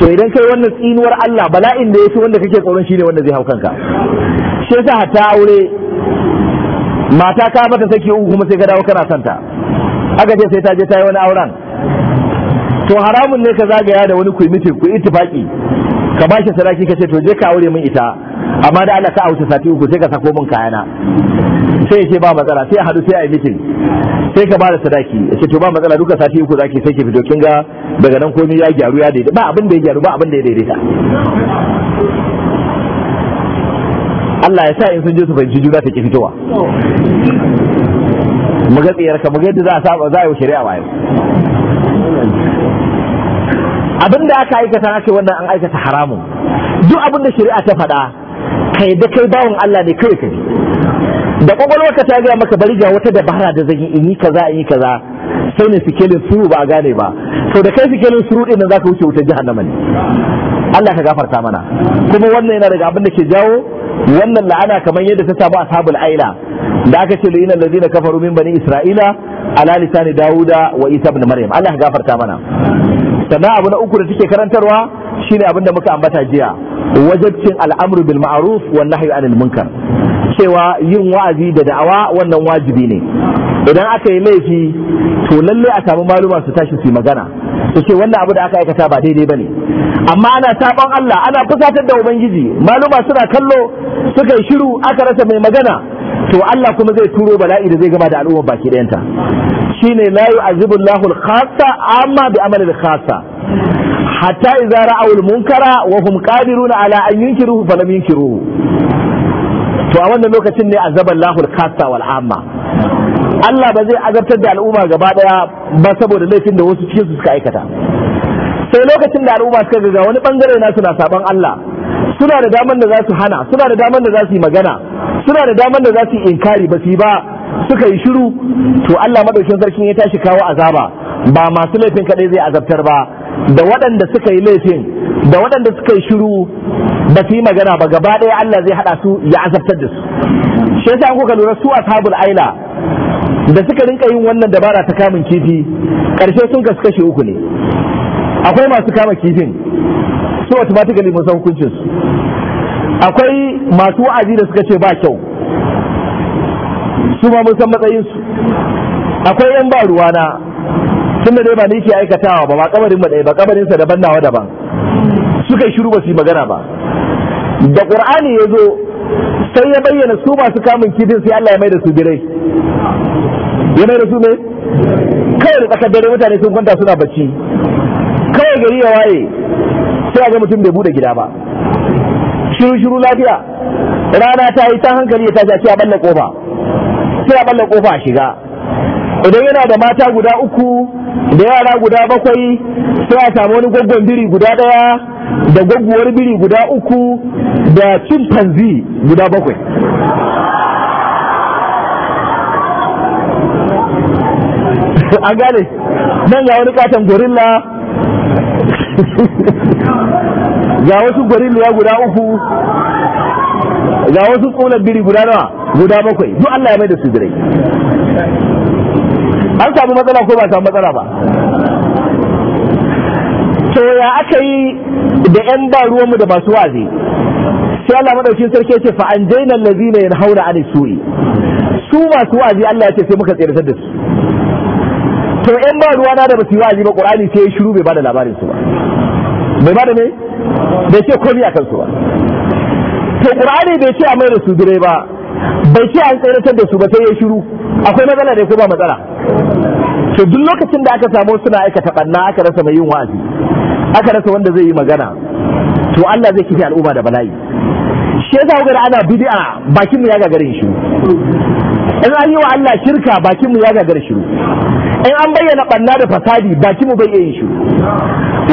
to idan kai wannan tsinuwar Allah bala'in da yake wanda kake tsoron shine wanda zai hau kanka shi yasa hatta aure mata ka mata saki uku kuma sai ka dawo kana santa aka ce sai ta je ta yi wani auren to haramun ne ka zagaya da wani ku ku itifaki ka ba shi sadaki ka ce to je ka aure min ita amma da Allah ka auta sati uku sai ka sako min kayana sai yake ba matsala sai hadu sai a yi mitin sai ka bada sadaki yace to ba matsala duka sati uku zaki sai ki fito kin ga daga nan komai ya gyaru ya daidaita ba abin da ya gyaru ba abin da ya daidaita Allah ya sa in sun je su fahimci juna ta ki fitowa mu ga tsiyarka mu ga yadda za a za a yi shari'a ba yau abin da aka aikata ce wannan an aikata haramun duk abin da shari'a ta faɗa kai da kai bawon Allah ne kai kai da kwakwalwarka ta gaya maka bari ga wata dabara da zan yi in yi kaza in yi kaza sai ne sikelin suru ba a gane ba sau da kai sikelin suru ɗin nan zaka wuce wutar na mani. Allah ka gafarta mana kuma wannan yana daga abin da ke jawo wannan la'ana kamar yadda ta samu ashabul aila da aka ce la'ina allazina kafaru min bani isra'ila ala lisani dawuda wa isa ibn maryam Allah gafarta mana sannan abu na uku da take karantarwa shine abin da muka ambata jiya cin al'amru bil ma'ruf wan nahyi anil munkar cewa yin wa'azi da da'awa wannan wajibi ne idan aka yi laifi to lalle a samu maluma su tashi su magana su ce wannan abu da aka aikata ba daidai bane amma ana sabon Allah ana fusatar da ubangiji maluma suna kallo suka yi shiru aka rasa mai magana to Allah kuma zai turo bala'i da zai gama da al'umma baki ɗayanta shine la yu'azibu Allahu al-khassa amma bi amali al-khassa hatta idza ra'aw al-munkara wa hum qadiruna ala an yunkiruhu lam yunkiruhu to a wannan lokacin ne azaba Allahu al-khassa wal amma Allah ba zai azabtar da al'umma gaba daya ba saboda laifin da wasu cikin su suka aikata sai lokacin da al'umma suka ga wani bangare na suna saban Allah suna da daman da za su hana suna da daman da za su yi magana suna da damar da za su yi inkari ba su yi ba suka yi shiru to Allah madaukin sarkin ya tashi kawo azaba ba masu laifin kaɗai zai azabtar ba da waɗanda suka yi laifin da waɗanda suka yi shiru ba su yi magana ba gaba ɗaya Allah zai haɗa su ya azabtar da su shi yasa kuka lura su ashabul aila da suka rinka yin wannan dabara ta kamun kifi karshe sun kasu kashe uku ne akwai masu kama kifin so automatically mun san hukuncin su akwai masu wa'azi da suka ce ba kyau su ma mun san matsayin su akwai yan ba na, tun da dai ba ni ke aikatawa ba ba kabarin ɗaya ba kabarin sa daban nawa daban suka yi shiru ba su yi magana ba da qur'ani ya zo sai ya bayyana su masu kamun kifin sai Allah ya mai da su birai ya mai da su ne kawai da tsakar dare mutane sun kwanta suna bacci kawai gari ya waye sai ga mutum bai bude gida ba shiru shiru lafiya rana ta yi ta hankali ya tashi sai a balla kofa sai a balla kofa a shiga idan yana da mata guda uku da yara guda bakwai sai a samu wani gwaggon biri guda daya da gwaggowar biri guda uku da chimpanzee guda bakwai an gane nan ga wani katon gorilla ga wasu gorilla guda uku ga wasu tsolar biri guda nawa guda bakwai duk Allah ya mai da su dire an samu matsala ko ba samu matsala ba to ya aka yi da yan ba ruwanmu da masu wazi sai Allah madaukin sarki ya ce fa an jaina allazina yanhauna anis su'i su masu wazi Allah ya ce sai muka tsere da su to yan ba ruwa na da ba su yi wa'azi ba qur'ani sai ya shiru bai bada labarin su ba bai bada ne bai ce komai akan su ba to qur'ani bai ce a mai da su dire ba bai ce an tsayar da su ba sai ya shiru akwai matsala da ko ba matsala to duk lokacin da aka samu suna aikata banna aka rasa mai yin wa'azi aka rasa wanda zai yi magana to Allah zai kife al'umma da bala'i shi yasa ga ana bid'a bakin mu ya gagarin shi in an yi wa Allah shirka bakin mu ya gagarin shi in an bayyana banna da fasadi baki mu bai yin shi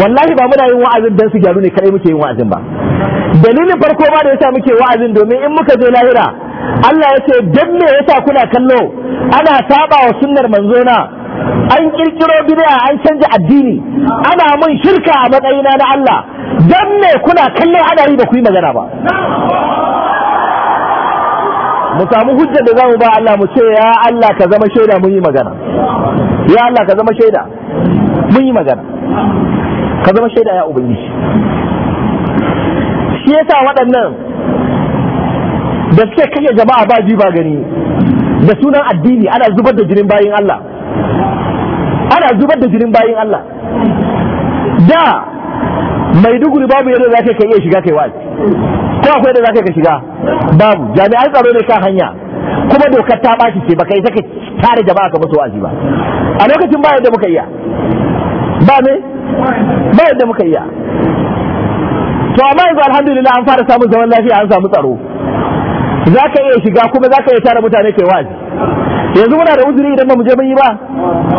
wallahi ba muna yin wa'azin dan su gyaru ne kadai muke yin wa'azin ba dalilin farko ba da yasa muke wa'azin domin in muka zo lahira Allah ya ce dan me yasa kuna kallo ana saba wa sunnar manzona an kirkiro bid'a an canja addini ana mun shirka a matsayina na Allah dan me kuna kallo ana yi ba ku yi magana ba mu samu hujjar da zamu ba Allah mu ce ya Allah ka zama shaida mun yi magana ya Allah ka zama shaida mun yi magana ka zama shaida ya ubangiji shi yasa waɗannan da suke kashe jama'a ba ji ba gani da sunan addini ana zubar da jinin bayin Allah ana zubar da jinin bayin Allah da maiduguri babu yadda za ka iya shiga kai wa'azi ko akwai yadda za ka shiga babu jami'an tsaro ne kan hanya kuma dokar ta ɓaci ce baka isa ka tare jama'a ka mutu wa'azi ba a lokacin ba yadda muka iya ba me ba yadda muka iya to amma yanzu alhamdulillah an fara samun zaman lafiya an samu tsaro za ka iya shiga kuma za ka iya tara mutane kai wa'azi yanzu muna da uzuri idan ba mu je mun yi ba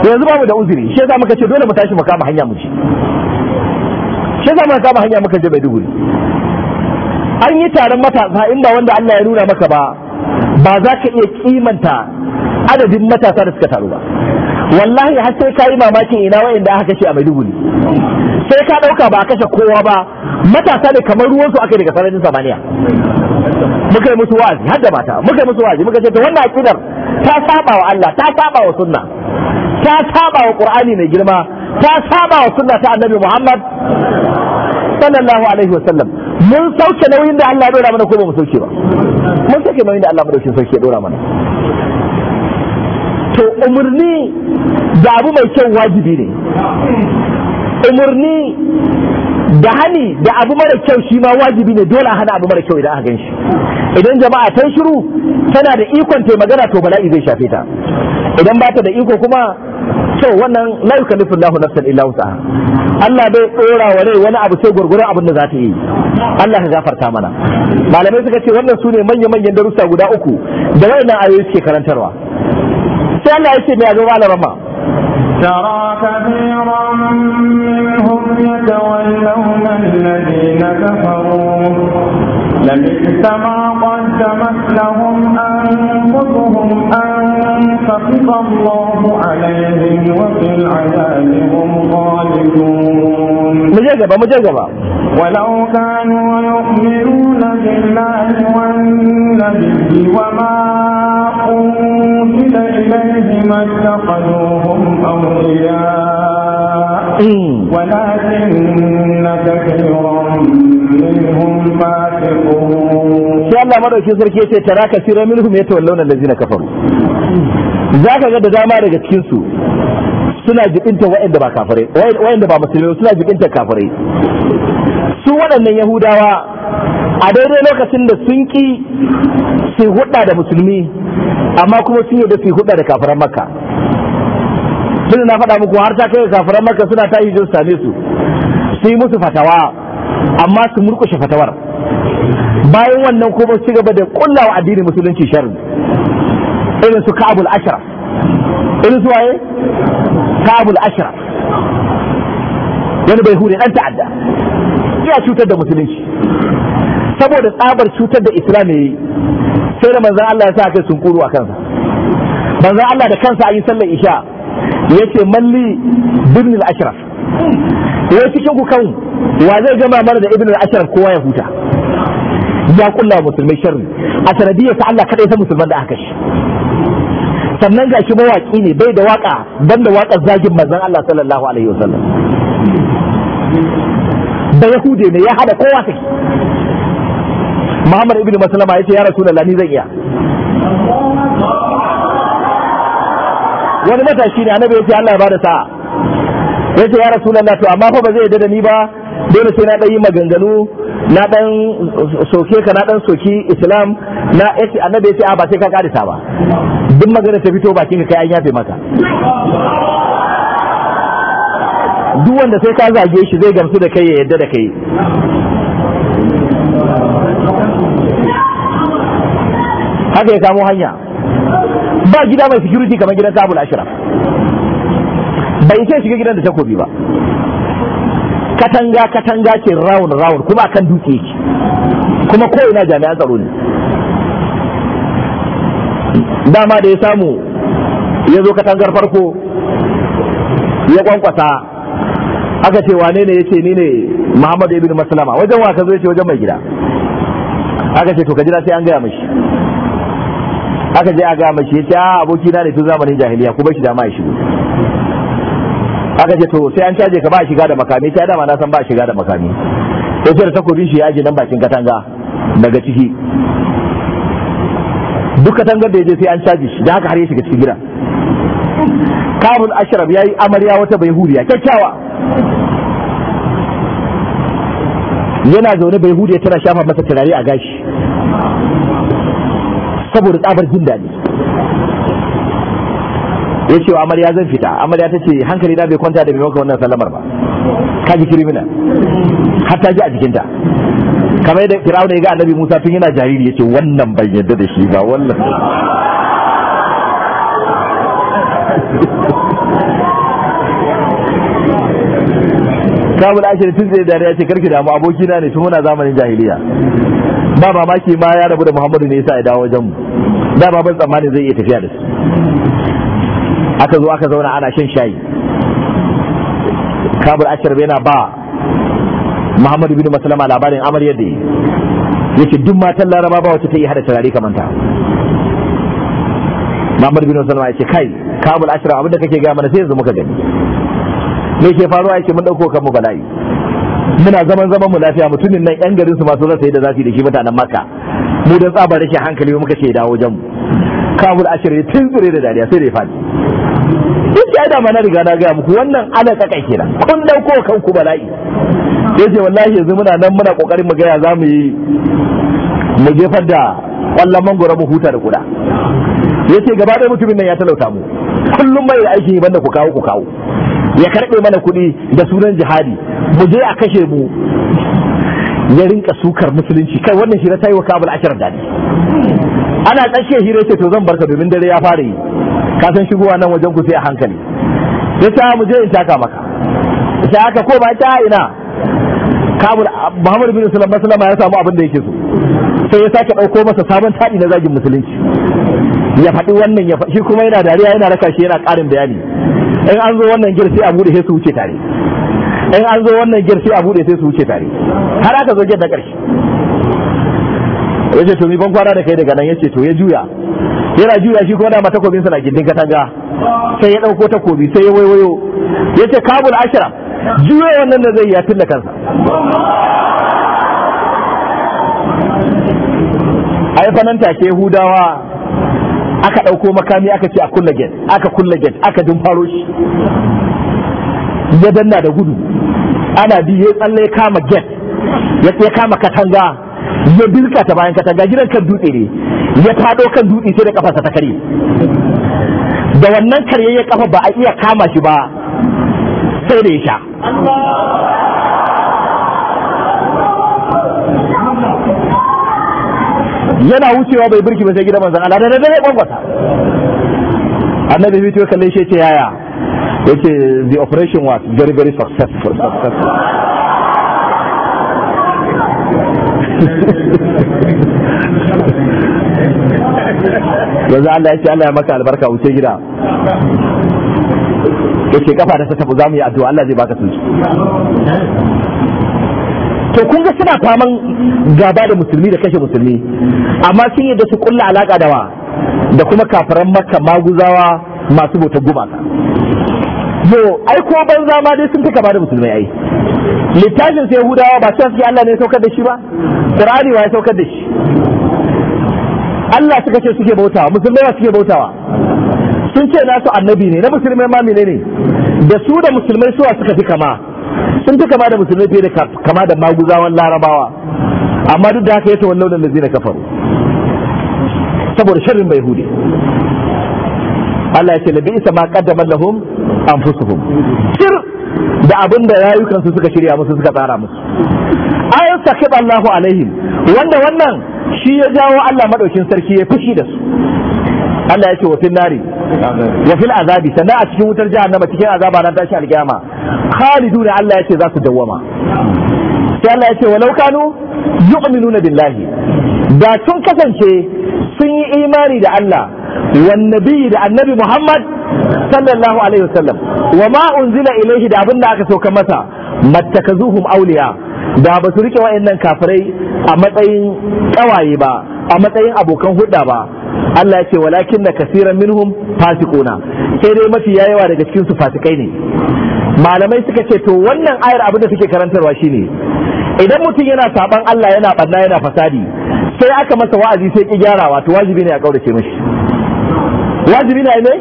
yanzu ba mu da uzuri shi yasa muka ce dole mu tashi mu kama hanya mu ci shi zama muka kama hanya maka je Maiduguri an yi taron matasa in ba wanda Allah ya nuna maka ba ba za ka iya kimanta adadin matasa da suka taro ba wallahi har sai ka yi mamakin ina wa inda aka kashe a Maiduguri sai ka ɗauka ba a kashe kowa ba matasa ne kamar ruwansu aka daga sararin samaniya muka yi musu wa'azi har da mata muka yi musu wa'azi muka ce ta wannan akidar ta saba wa Allah ta saba wa sunna ta saba wa Qur'ani mai girma ta saba wa sunna ta annabi Muhammad sallallahu alaihi wa sallam mun sauke nauyin da Allah ya dora mana ko ba mu sauke ba mun sauke nauyin da Allah madaukin sauke ya dora mana to umarni da abu mai kyau wajibi ne umarni da hani da abu mara kyau shi ma wajibi ne dole a hana abu mara kyau idan aka gan shi idan jama'a ta shiru tana da ikon ta magana to bala'i zai shafe ta idan ba ta da iko kuma to wannan la yukallifu Allahu nafsan illa wus'aha Allah bai tsora wa rai wani abu sai gurgurar abin da za ta yi Allah ka gafarta mana malamai suka ce wannan sune manya manyan darussa guda uku da wannan ayoyi suke karantarwa sai Allah ya ce mai ga malamar ma ترى كثيرا من يتولون الذين كفروا لبئس ما قدمت لهم أنفسهم أن سخط الله عليهم وفي العذاب هم خالدون ولو كانوا يؤمنون بالله والنبي وما أنزل إليه ما اتخذوهم أولياء ولكن كثيرا منهم فاسقون sai Allah madauki sarki yace tara kasira minhum yatawallawna allazina kafaru zaka ga da dama daga cikin su suna jikinta wa'anda ba kafirai wa'anda ba musulmi suna jikinta kafirai su waɗannan yahudawa a daidai lokacin da sun ki su hudda da musulmi amma kuma sun yi da su hudda da kafiran makka tun na faɗa muku har ta kai kafiran maka suna ta yi jin same su su yi musu fatawa amma su murkushe fatawar bayan wannan kuma su gaba da kulla wa addinin musulunci sharri irin su ka'abul ashra irin su waye ka'abul ashra wani bai hure dan ta'adda iya cutar da musulunci saboda tsabar cutar da islam yayi sai da manzon Allah ya sa kai sun kuru a kansa manzon Allah da kansa ayi yi sallar isha yace malli ibn al-ashraf ya cikin ku kan wa zai gama mana da ibn al-ashraf kowa ya huta ya kulla musulmai sharri a sanadiyar ta Allah kada san musulman da aka shi sannan gashi mawaki ne bai da waka dan da waka zagin manzon Allah sallallahu alaihi wasallam da yahude ne ya hada kowa sai Muhammad ibn Maslama yace ya rasulullahi ni zan iya wani matashi ne annabi yace Allah ya bada sa'a yace ya rasulullahi to amma fa ba zai yarda da ni ba dole sai na dan yi maganganu na dan soke ka na dan soki islam na yace annabi yace a ba sai ka karisa ba duk magana ta fito bakin ka kai an yafe maka duk wanda sai ka zage shi zai gamsu da kai ya yarda da kai haka ya kamo hanya ba gida mai security kamar gidan kabul ashira bai sai shiga gidan da takobi ba katanga katanga ce round round kuma akan dutse yake kuma ko ina jami'an tsaro ne dama da ya samu ya zo katangar farko ya kwankwasa aka ce wane ne ya ce ni ne muhammadu ibn maslama wajen wasa zai ce wajen mai gida aka ce to ka jira sai an gaya mashi aka je a ga ya ce a ah, aboki na ne tun zamanin jahiliya ko bashi dama ya shigo aka ce to sai an caje ka ba shiga da makami ta dama na san ba shiga da makami sai da takobin shi ya je nan bakin katanga daga ciki duk katangar da ya je sai an caje shi da haka har ya shiga cikin gida kafin ashraf yayi amarya wata bai huriya kyakkyawa yana zaune bai huriya tana shafa masa turare a gashi saboda tsabar jin daɗi ya ce wa amarya zan fita amarya ta ce hankali na bai kwanta da bai maka wannan sallamar ba ka ji kirimina har ta ji a jikinta kamar yadda firawuna ya ga annabi musa tun yana jariri ya ce wannan ban yadda da shi ba wannan Kabul Ashir tun zai dariya ce karki damu abokina ne tun muna zamanin jahiliya. ba mamaki ma ya rabu da muhammadu ne yasa ya dawo wajen mu da ba ban tsammanin zai iya tafiya da su aka zo aka zauna ana shan shayi kabir bai yana ba muhammadu bin masalama labarin amar yadda yi yake duk matan laraba ba wacce ta yi hada turare kamar ta muhammadu bin masalama ce kai kabir ashir abinda kake gaya mana sai yanzu muka gani me ke faruwa yake mun dauko kanmu bala'i muna zaman zaman mu lafiya mutumin nan yan garin su ma sun rasa yadda za su yi da shi mutanen makka mu dan tsabar rashin hankali muka ce dawo jan mu kabul ashirin tun tsire da dariya sai da ya faɗi duk ya dama na riga na gaya muku wannan ala kaka kenan kun dauko kanku bala'i ce wallahi yanzu muna nan muna kokarin mu gaya za mu yi mu jefar da kwallon mangoro mu huta da kuda ce gaba ɗaya mutumin nan ya talauta mu kullum mai da aiki banda ku kawo ku kawo ya karɓe mana kuɗi da sunan jihadi mu je a kashe mu ya rinka sukar musulunci kai wannan hira ta yi wa kabul ashir dadi ana tsakiyar hira ce to zan barka domin dare ya fara yi ka san shigowa nan wajen ku sai a hankali ya ta ah, mu je in taka maka sai haka ko ba ta ina kabul muhammad bin sallallahu alaihi wasallam ya samu abin da yake so sai ya sake dauko masa sabon tadi na zagin musulunci ya faɗi wannan ya shi kuma yana dariya yana raka shi yana ƙarin bayani in an zo wannan gir sai a bude sai su wuce tare in an zo wannan gir sai a bude sai su wuce tare har aka zo gir da ƙarshe yace to mi ban kwara da kai daga nan yace to ya juya yana juya shi kuma da takobin sa na gindin katanga sai ya dauko takobi sai ya waiwayo yace kabul ashira juya wannan da zai ya tilla kansa ai fa nan take hudawa aka ɗauko makami aka ce a kulla aka kulla gate aka faro shi ya danna da gudu ana bi ya tsalle ya kama get ya kama katanga ya birka ta bayan katanga gidan kan dutse ne ya tado kan dutse sai da kafarsa ta kare da wannan ya kafa ba a iya kama shi ba sai da ya sha yana wucewa bai birki ba sai gidan manzan Allah da da da ya bangwata annabi fito kalle shi ce yaya yace the operation was very very successful successful yanzu Allah ya ce Allah ya maka albarka wuce gida yake kafa da ta za zamu yi addu'a Allah zai baka tsinci to kun ga suna faman gaba da musulmi da kashe musulmi amma sun yi da su kulla alaka da wa da kuma kafiran makka maguzawa masu bautar gumaka yo ai ko ban zama dai sun fi kama da musulmai ai littafin sai hudawa ba cewa Allah ne ya saukar da shi ba qur'ani wa ya saukar da shi Allah suka ce suke bautawa musulmai ba suke bautawa sun ce nasu annabi ne na musulmai ma menene da su da musulmai suwa suka fi kama sun fi kama da musulmai fiye da kama da maguzawan larabawa amma duk da haka yasa wannan da zai na kafaru saboda sharrin bai hude Allah ya ce labi isa ma qaddama lahum anfusuhum sir da abin da rayukan su suka shirya musu suka tsara musu ayat takib Allahu alaihim wanda wannan shi ya jawo Allah madaukin sarki ya fushi da su Allah ya ce wa fil wa fil azabi sannan a cikin wutar jahannama cikin azaba nan tashi alkiyama khaliduna Allah ya ce za su dawwama sai Allah ya ce walau kanu yu'minuna billahi da sun kasance sun yi imani da Allah wan nabi da annabi Muhammad sallallahu alaihi wasallam wa ma unzila ilaihi da abin da aka sauka masa mattakazuhum awliya da ba su rike wayannan kafirai a matsayin kawaye ba a matsayin abokan hudda ba Allah ya ce walakin na kasiran minhum fasikuna sai dai mafi yawa daga cikin su fasikai ne malamai suka ce to wannan ayar abin da suke karantarwa shine idan mutum yana saban Allah yana banna yana fasadi sai aka masa wa'azi sai ki gyarawa to wajibi ne a kaurace mishi wajibi ne ne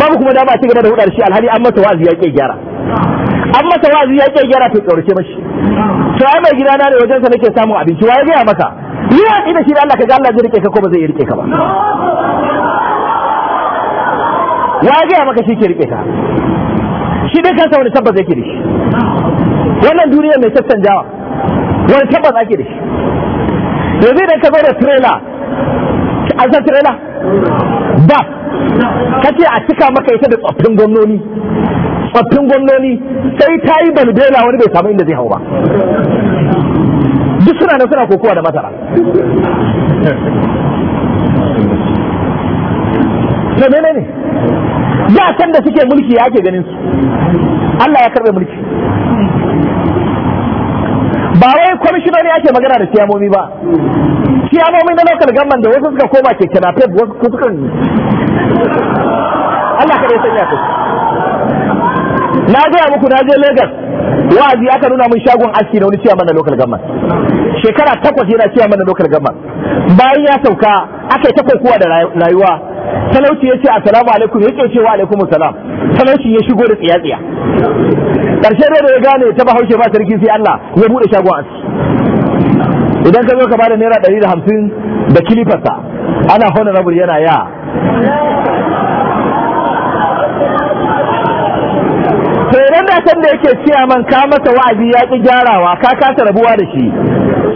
babu kuma dama ci gaba da hudar shi alhali an masa wazi ya ke gyara an masa wazi ya ke gyara to kaurace mashi to ai mai gidana da wajensa nake samun abinci waye gaya masa? yi watsi da shi da Allah ka ga Allah zai rike ka ko ba zai rike ka ba ya gaya maka shi ke rike ka shi dai kansa wani tabbas yake da shi wannan duniya mai sassan jawa wani tabbas ake da shi yanzu idan ka zo da trailer an san trailer ba kace a cika maka ita da tsoffin gwamnoni tsoffin gwamnoni sai ta yi balbela wani bai samu inda zai hau ba duk suna da suna kokowa da masara to menene ya san da suke mulki ya ke ganin su Allah ya karbe mulki ba wai kwamishinoni ake magana da ciyamomi ba ciyamomi na local gamman da wasu suka koma ke kenafef wasu suka Allah kada ya sanya ku na gaya muku na je Lagos wa'azi aka nuna mun shagon aski na wani ciyaman na local gamman shekara takwas yana ciyaman na local gamman bayan ya sauka aka yi ta da rayuwa talauci ya ce assalamu alaikum ya ce cewa alaikum salam talauci ya shigo da tsiya tsiya karshe da ya gane ta bahaushe ba sarki sai Allah ya bude shagon aski idan ka zo ka bada naira ɗari da hamsin da kilifarsa ana hona honorable yana ya idan da san da yake ciyaman man ka masa wa'azi ya ki gyarawa ka kasa rabuwa da shi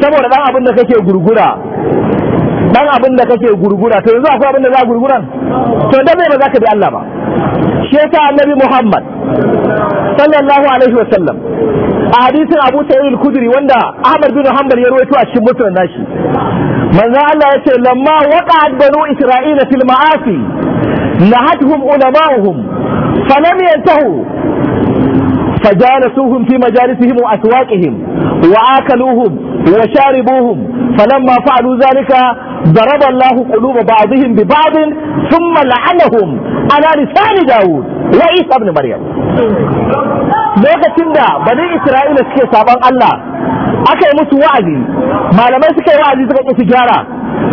saboda ɗan abin da kake gurgura dan abin da kake gurgura to yanzu akwai abin da za a gurguran to da bai ba za ka bi Allah ba shi yasa annabi Muhammad sallallahu alaihi wasallam a hadisin Abu Sa'id al-Khudri wanda Ahmad bin Hanbal ya rawaito a cikin musnad nashi manzo Allah ce lamma waqa'at banu isra'ila fil ma'asi nahatuhum ulama'uhum falam yantahu فجالسوهم في مجالسهم وأسواقهم وآكلوهم وشاربوهم فلما فعلوا ذلك ضرب الله قلوب بعضهم ببعض ثم لعنهم على لسان داود وعيسى ابن مريم lokacin da banin isra'ila suke saban Allah aka yi musu wa'azi malamai suka yi wa'azi suka ƙi su gyara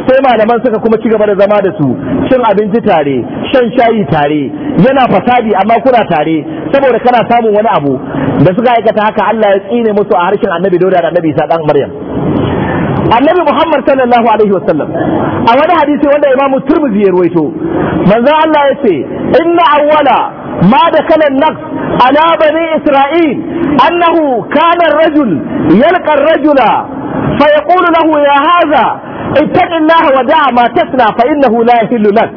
sai malaman suka kuma ci gaba da zama da su cin abinci tare shan shayi tare yana fasadi amma kuna tare saboda kana samun wani abu da suka aikata haka Allah ya tsine musu a harshen annabi dauda da annabi isa dan maryam annabi muhammad sallallahu alaihi wasallam a wani hadisi wanda imamu turmizi ya ruwaito manzon Allah ya ce inna awwala ma da kalan naqs ala bani isra'il annahu kana rajul yalqa rajula fa ar-rajula فيقول له يا هذا اتق الله ودع ما تصنع فإنه لا يحل لك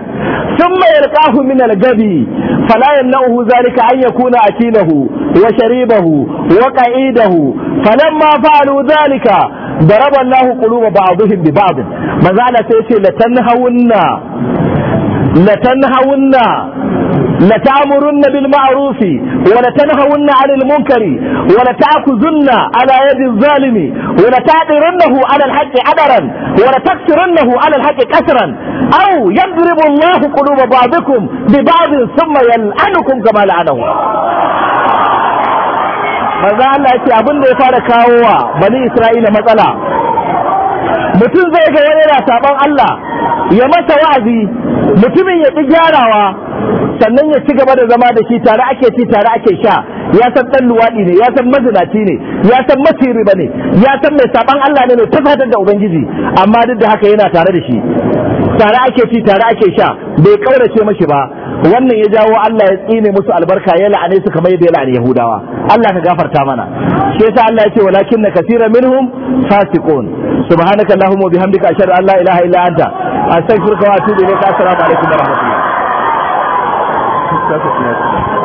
ثم يلقاه من الجبي فلا يمنعه ذلك أن يكون أكيله وشريبه وقعيده فلما فعلوا ذلك ضرب الله قلوب بعضهم ببعض ما زال سيشي لتنهون لتنهون لتأمرن بالمعروف ولتنهون عن المنكر ولتأخذن على يد الظالم ولتعبرنه على الحق عبرا ولتكسرنه على الحق كسرا أو يضرب الله قلوب بعضكم ببعض ثم يلعنكم كما لعنهم manzo Allah ya ce abin da ya fara kawowa bani Isra'ila matsala mutum zai ga wani yana saban Allah ya masa wa'azi mutumin ya ƙi gyarawa sannan ya ci gaba da zama da shi tare ake ci tare ake sha ya san dan luwaɗi ne ya san mazinaci ne ya san masiri ba ne ya san mai saban Allah ne mai tafatar da ubangiji amma duk da haka yana tare da shi tare ake ci tare ake sha bai kaurace mashi ba wannan ya jawo Allah ya tsine musu albarka ya la'ane su kamar yadda ya la'ane Yahudawa Allah ka gafarta mana shi sa Allah ya ce walakin na kasira minhum fasiqun subhanaka allahumma bihamdika ashhadu an la ilaha illa anta astaghfiruka wa atubu ilayka assalamu alaikum wa rahmatullahi